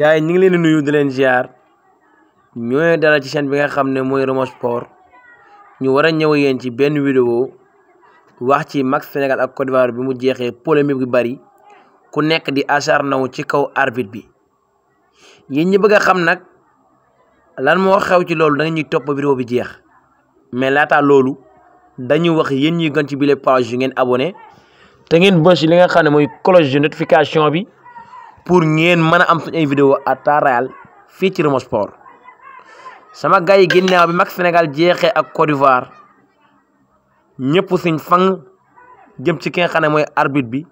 yaay ñu ngi leen di nuyu di leen ziar ñoy dara ci chaîne bi nga xamne moy mooy Romo Sport ñu wara ñew yeen ci benn vidéo wax ci max Sénégal ak Côte d'Ivoire bi mu jexé polémique bu bari ku nekk di acharnawu ci kaw arbitre bi yeen ñi bëgg xam nak lan mo xew ci loolu danga ñuy top vidéo bi jex mais laata loolu dañu wax yeen ñi gën ci bile page yu ngeen abonné te ngeen bëss li nga xamne moy cloche de notification bi pour ngeen mëna am suñu ay vidéo à temps réel ci Rmo Sport sama gaay yi ginnaaw bi mak Sénégal jéxé ak Côte d'Ivoire ñepp suñ fang jëm ci ki nga xam arbitre bi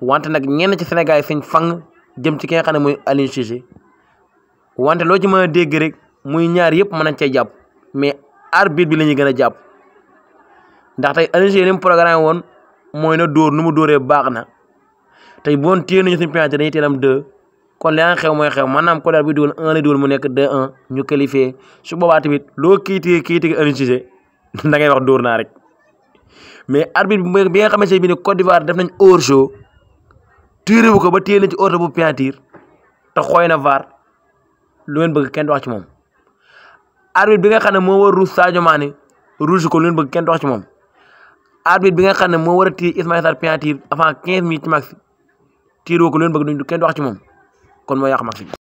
wante nak ñen ci Sénégal yi suñ fang jëm ci ki nga xam ne mooy Cissé wante lo ci mëna dégg rek muy ñaar yépp mëna ci japp mais arbitre bi la gëna japp ndax tay Aliou Cissé lim programme woon na door numu dooré baxna tey bu woon téye nañu suñu penalty dañuy teel am 2 kon li nga xew mooy xew maanaam Koldara bi dugal 1 lay dugal mu nekk 2 1 ñu qualifié su boobaa tamit loo kiitige kiitige Aliou Cissé da ngay wax dóor naa rek mais arbitre bi nga xamante ne bii ne Côte d'Ivoire def nañ hors-jeu tiré bu ko ba téye na ci oto bu penalty te xooy na VAR lu ngeen bëgg kenn du wax ci moom. arbitre bi nga xam ne moo war rouge Sadio Mané rouge ko lu ngeen bëgg kenn du wax ci moom arbitre bi nga xam ne moo war a téye Ismaïla Sarr penalty avant 15 minutes ci max tiiroo ko loolu bëgg duñ kenn du wax kon moo yàq match